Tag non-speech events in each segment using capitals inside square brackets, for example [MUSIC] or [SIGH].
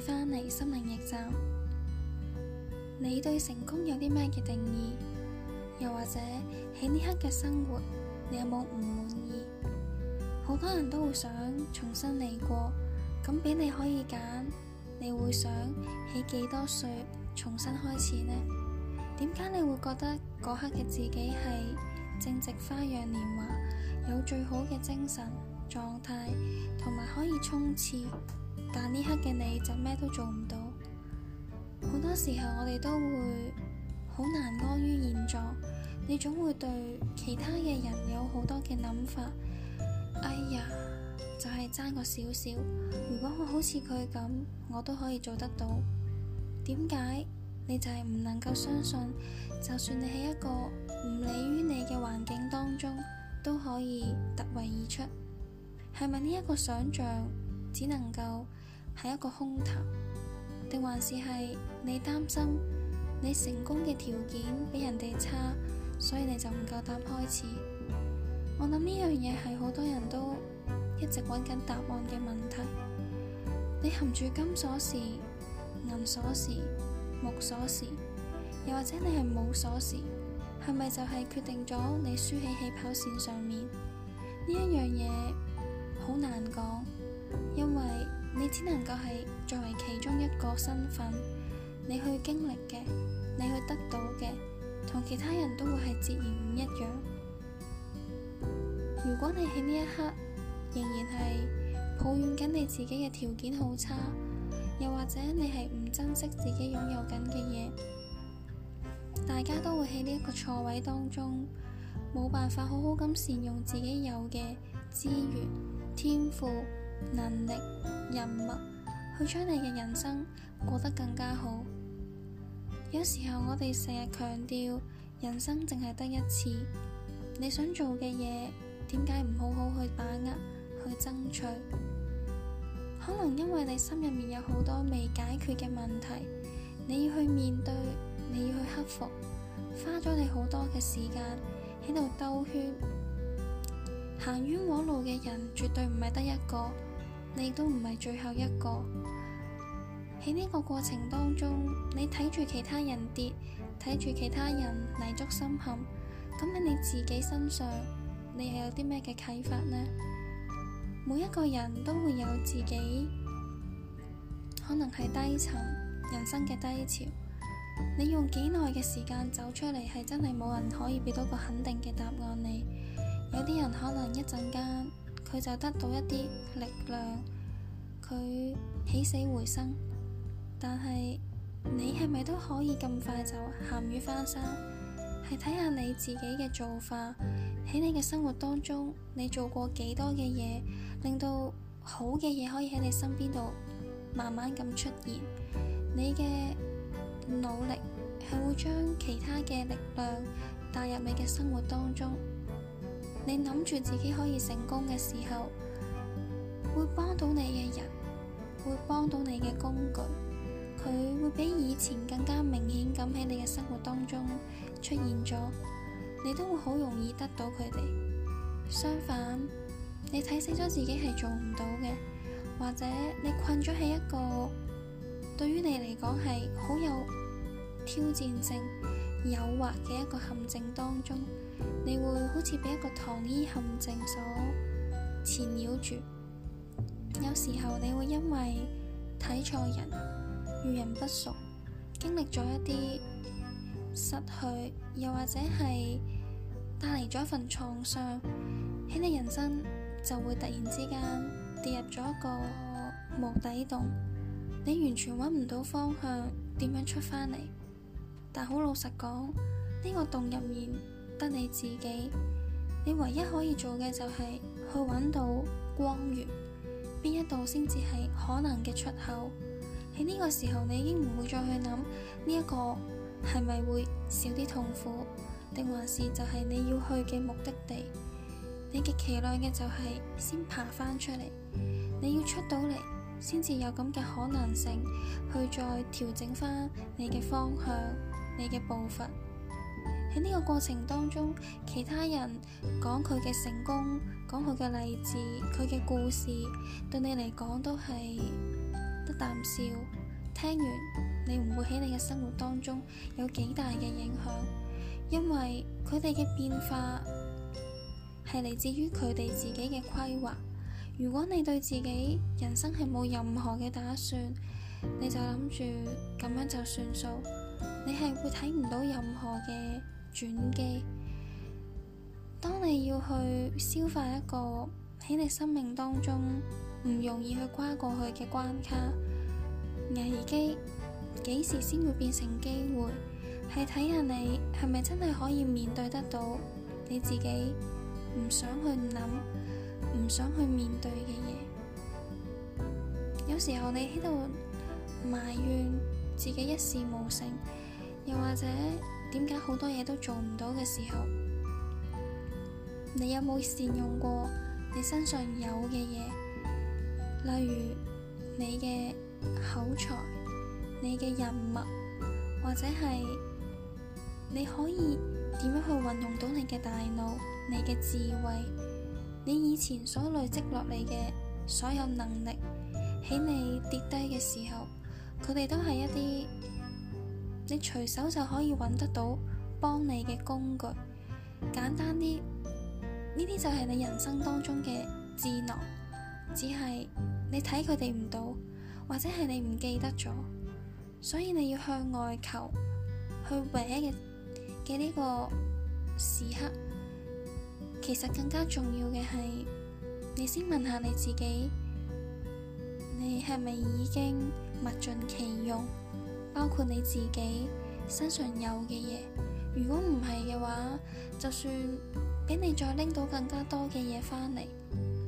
翻嚟心靈驛站，你對成功有啲咩嘅定義？又或者喺呢刻嘅生活，你有冇唔滿意？好多人都會想重新嚟過，咁俾你可以揀，你會想喺幾多歲重新開始呢？點解你會覺得嗰刻嘅自己係正值花樣年華，有最好嘅精神狀態，同埋可以衝刺？但呢刻嘅你就咩都做唔到。好多時候我哋都會好難安於現狀，你總會對其他嘅人有好多嘅諗法。哎呀，就係爭個少少，如果我好似佢咁，我都可以做得到。點解你就係唔能夠相信，就算你喺一個唔利於你嘅環境當中，都可以突圍而出？係咪呢一個想象只能夠？係一個空頭，定還是係你擔心你成功嘅條件比人哋差，所以你就唔夠膽開始？我諗呢樣嘢係好多人都一直揾緊答案嘅問題。你含住金鎖匙、銀鎖匙、木鎖匙，又或者你係冇鎖匙，係咪就係決定咗你輸喺起跑線上面？呢一樣嘢好難講，因為。你只能夠係作為其中一個身份，你去經歷嘅，你去得到嘅，同其他人都會係截然唔一樣。如果你喺呢一刻仍然係抱怨緊你自己嘅條件好差，又或者你係唔珍惜自己擁有緊嘅嘢，大家都會喺呢一個錯位當中，冇辦法好好咁善用自己有嘅資源、天賦、能力。人物去將你嘅人生過得更加好。有時候我哋成日強調，人生淨係得一次，你想做嘅嘢，點解唔好好去把握、去爭取？可能因為你心入面有好多未解決嘅問題，你要去面對，你要去克服，花咗你好多嘅時間，喺度兜圈，行冤枉路嘅人絕對唔係得一個。你都唔係最後一個。喺呢個過程當中，你睇住其他人跌，睇住其他人泥足深陷，咁喺你自己身上，你又有啲咩嘅啟發呢？每一個人都會有自己，可能係低層，人生嘅低潮，你用幾耐嘅時間走出嚟，係真係冇人可以畀到個肯定嘅答案。你有啲人可能一陣間。佢就得到一啲力量，佢起死回生。但係你係咪都可以咁快就鹹魚翻生？係睇下你自己嘅做法，喺你嘅生活當中，你做過幾多嘅嘢，令到好嘅嘢可以喺你身邊度慢慢咁出現。你嘅努力係會將其他嘅力量帶入你嘅生活當中。你諗住自己可以成功嘅時候，會幫到你嘅人，會幫到你嘅工具，佢會比以前更加明顯咁喺你嘅生活當中出現咗，你都會好容易得到佢哋。相反，你睇死咗自己係做唔到嘅，或者你困咗喺一個對於你嚟講係好有挑戰性、誘惑嘅一個陷阱當中。你會好似俾一個糖衣陷阱所纏繞住，有時候你會因為睇錯人、遇人不淑，經歷咗一啲失去，又或者係帶嚟咗一份創傷喺你人生，就會突然之間跌入咗一個無底洞，你完全揾唔到方向，點樣出翻嚟？但好老實講，呢個洞入面，得你自己，你唯一可以做嘅就係去揾到光源，邊一度先至係可能嘅出口。喺呢個時候，你已經唔會再去諗呢一個係咪會少啲痛苦，定還是就係你要去嘅目的地？你極其量嘅就係先爬翻出嚟，你要出到嚟先至有咁嘅可能性去再調整翻你嘅方向，你嘅步伐。喺呢個過程當中，其他人講佢嘅成功，講佢嘅例子，佢嘅故事，對你嚟講都係得啖笑。聽完你唔會喺你嘅生活當中有幾大嘅影響，因為佢哋嘅變化係嚟自於佢哋自己嘅規劃。如果你對自己人生係冇任何嘅打算，你就諗住咁樣就算數，你係會睇唔到任何嘅。轉機，當你要去消化一個喺你生命當中唔容易去跨過去嘅關卡，危機，幾時先會變成機會？係睇下你係咪真係可以面對得到你自己唔想去諗、唔想去面對嘅嘢。有時候你喺度埋怨自己一事無成，又或者。點解好多嘢都做唔到嘅時候，你有冇善用過你身上有嘅嘢？例如你嘅口才、你嘅人脈，或者係你可以點樣去運用到你嘅大腦、你嘅智慧、你以前所累積落嚟嘅所有能力，喺你跌低嘅時候，佢哋都係一啲。你隨手就可以揾得到幫你嘅工具，簡單啲，呢啲就係你人生當中嘅智囊，只係你睇佢哋唔到，或者係你唔記得咗，所以你要向外求，去唯一嘅嘅呢個時刻，其實更加重要嘅係，你先問下你自己，你係咪已經物盡其用？包括你自己身上有嘅嘢，如果唔係嘅話，就算俾你再拎到更加多嘅嘢返嚟，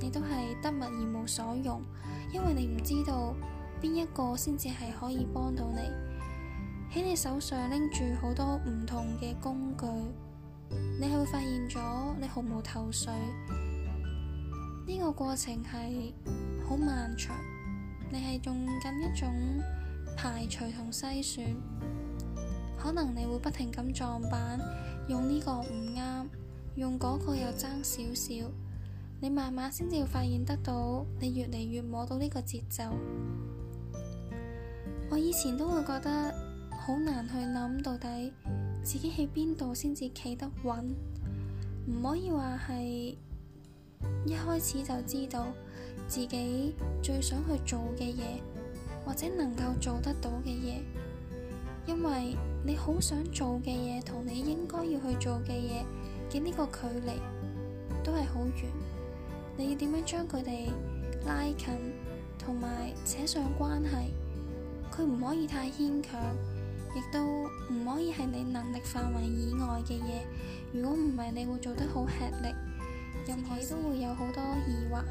你都係得物而冇所用，因為你唔知道邊一個先至係可以幫到你。喺你手上拎住好多唔同嘅工具，你係會發現咗你毫無頭緒。呢個過程係好漫長，你係用緊一種。排除同篩選，可能你會不停咁撞板，用呢個唔啱，用嗰個又爭少少，你慢慢先至發現得到，你越嚟越摸到呢個節奏。我以前都會覺得好難去諗到底自己喺邊度先至企得穩，唔可以話係一開始就知道自己最想去做嘅嘢。或者能夠做得到嘅嘢，因為你好想做嘅嘢同你應該要去做嘅嘢嘅呢個距離都係好遠，你要點樣將佢哋拉近，同埋扯上關係？佢唔可以太牽強，亦都唔可以係你能力範圍以外嘅嘢。如果唔係，你會做得好吃力，任何都會有好多疑惑。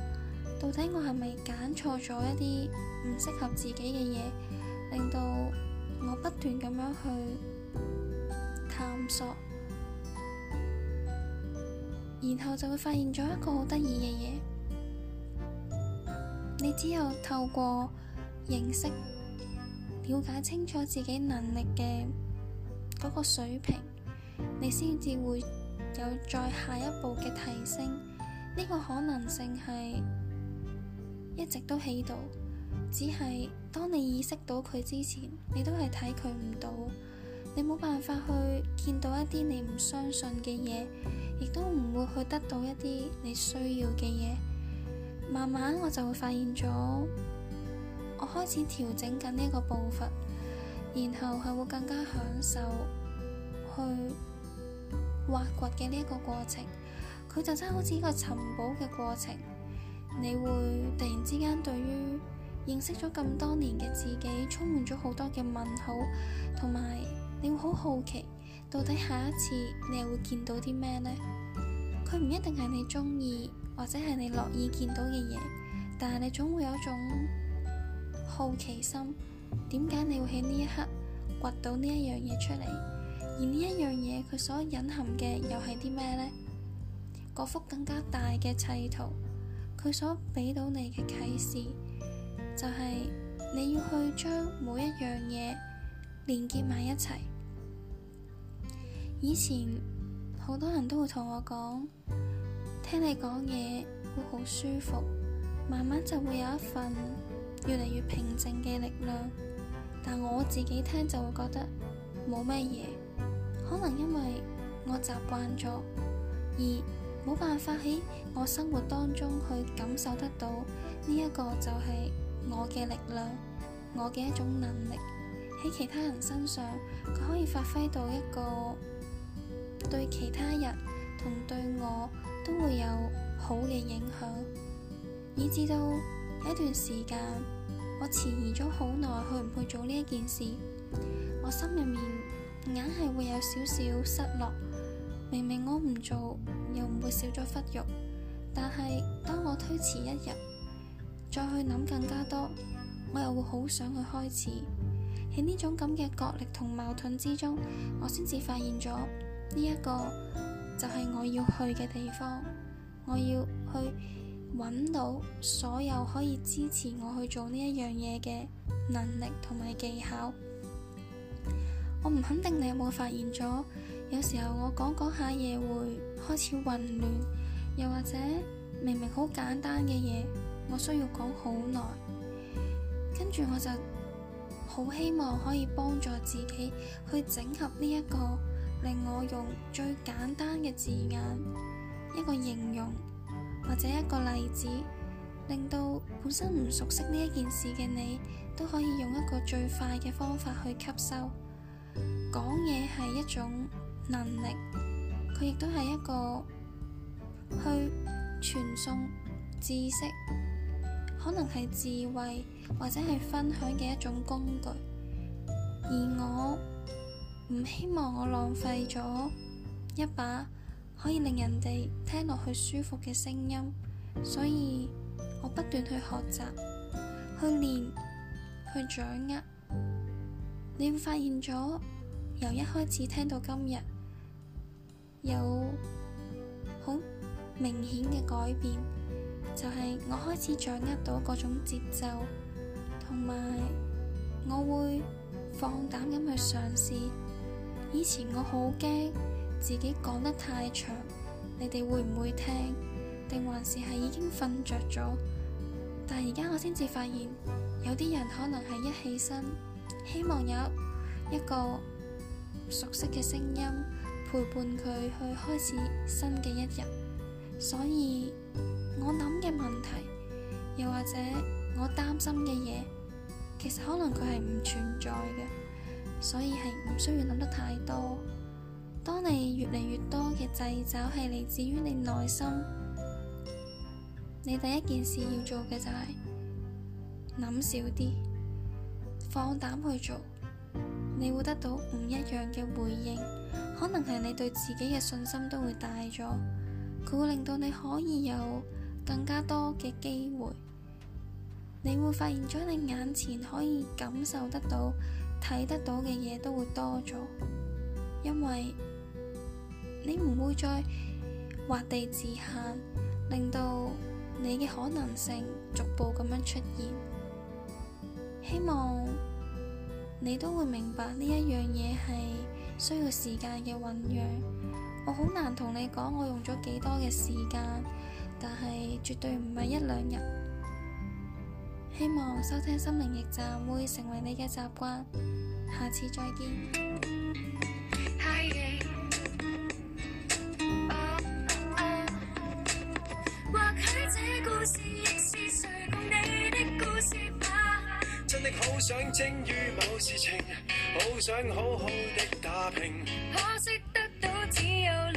到底我係咪揀錯咗一啲？唔適合自己嘅嘢，令到我不斷咁樣去探索，然後就會發現咗一個好得意嘅嘢。你只有透過認識、了解清楚自己能力嘅嗰個水平，你先至會有再下一步嘅提升。呢、這個可能性係一直都喺度。只係當你意識到佢之前，你都係睇佢唔到，你冇辦法去見到一啲你唔相信嘅嘢，亦都唔會去得到一啲你需要嘅嘢。慢慢我就會發現咗，我開始調整緊呢一個步伐，然後係會更加享受去挖掘嘅呢一個過程。佢就真係好似一個尋寶嘅過程，你會突然之間對於。認識咗咁多年嘅自己，充滿咗好多嘅問號，同埋你會好好奇，到底下一次你又會見到啲咩呢？佢唔一定係你中意或者係你樂意見到嘅嘢，但係你總會有一種好奇心，點解你會喺呢一刻掘到呢一樣嘢出嚟？而呢一樣嘢佢所隱含嘅又係啲咩呢？嗰幅更加大嘅砌圖，佢所俾到你嘅啟示。就係你要去將每一樣嘢連結埋一齊。以前好多人都會同我講，聽你講嘢會好舒服，慢慢就會有一份越嚟越平靜嘅力量。但我自己聽就會覺得冇乜嘢，可能因為我習慣咗，而冇辦法喺我生活當中去感受得到呢一個就係。我嘅力量，我嘅一種能力喺其他人身上，佢可以發揮到一個對其他人同對我都會有好嘅影響，以至到一段時間，我遲疑咗好耐，去唔去做呢一件事？我心入面硬係會有少少失落。明明我唔做又唔會少咗屈辱，但係當我推遲一日。再去諗更加多，我又會好想去開始。喺呢種咁嘅角力同矛盾之中，我先至發現咗呢一個就係我要去嘅地方。我要去揾到所有可以支持我去做呢一樣嘢嘅能力同埋技巧。我唔肯定你有冇發現咗，有時候我講講下嘢會開始混亂，又或者明明好簡單嘅嘢。我需要講好耐，跟住我就好希望可以幫助自己去整合呢一個，令我用最簡單嘅字眼，一個形容或者一個例子，令到本身唔熟悉呢一件事嘅你，都可以用一個最快嘅方法去吸收。講嘢係一種能力，佢亦都係一個去傳送知識。可能係智慧或者係分享嘅一種工具，而我唔希望我浪費咗一把可以令人哋聽落去舒服嘅聲音，所以我不斷去學習、去練、去掌握。你會發現咗由一開始聽到今日，有好明顯嘅改變。就係我開始掌握到嗰種節奏，同埋我會放膽咁去嘗試。以前我好驚自己講得太長，你哋會唔會聽？定還是係已經瞓着咗？但而家我先至發現，有啲人可能係一起身，希望有一個熟悉嘅聲音陪伴佢去開始新嘅一日，所以。我諗嘅問題，又或者我擔心嘅嘢，其實可能佢係唔存在嘅，所以係唔需要諗得太多。當你越嚟越多嘅掣肘係嚟自於你內心，你第一件事要做嘅就係、是、諗少啲，放膽去做，你會得到唔一樣嘅回應，可能係你對自己嘅信心都會大咗，佢會令到你可以有。更加多嘅機會，你會發現咗你眼前可以感受得到、睇得到嘅嘢都會多咗，因為你唔會再劃地自限，令到你嘅可能性逐步咁樣出現。希望你都會明白呢一樣嘢係需要時間嘅醞釀。我好難同你講，我用咗幾多嘅時間。但係絕對唔係一兩日，希望收聽心靈驛站會成為你嘅習慣，下次再見，mm。真的好想精於某事情。 [NOISE] [NOISE] 好想好好的打拼。 [NOISE] 可惜得到只有。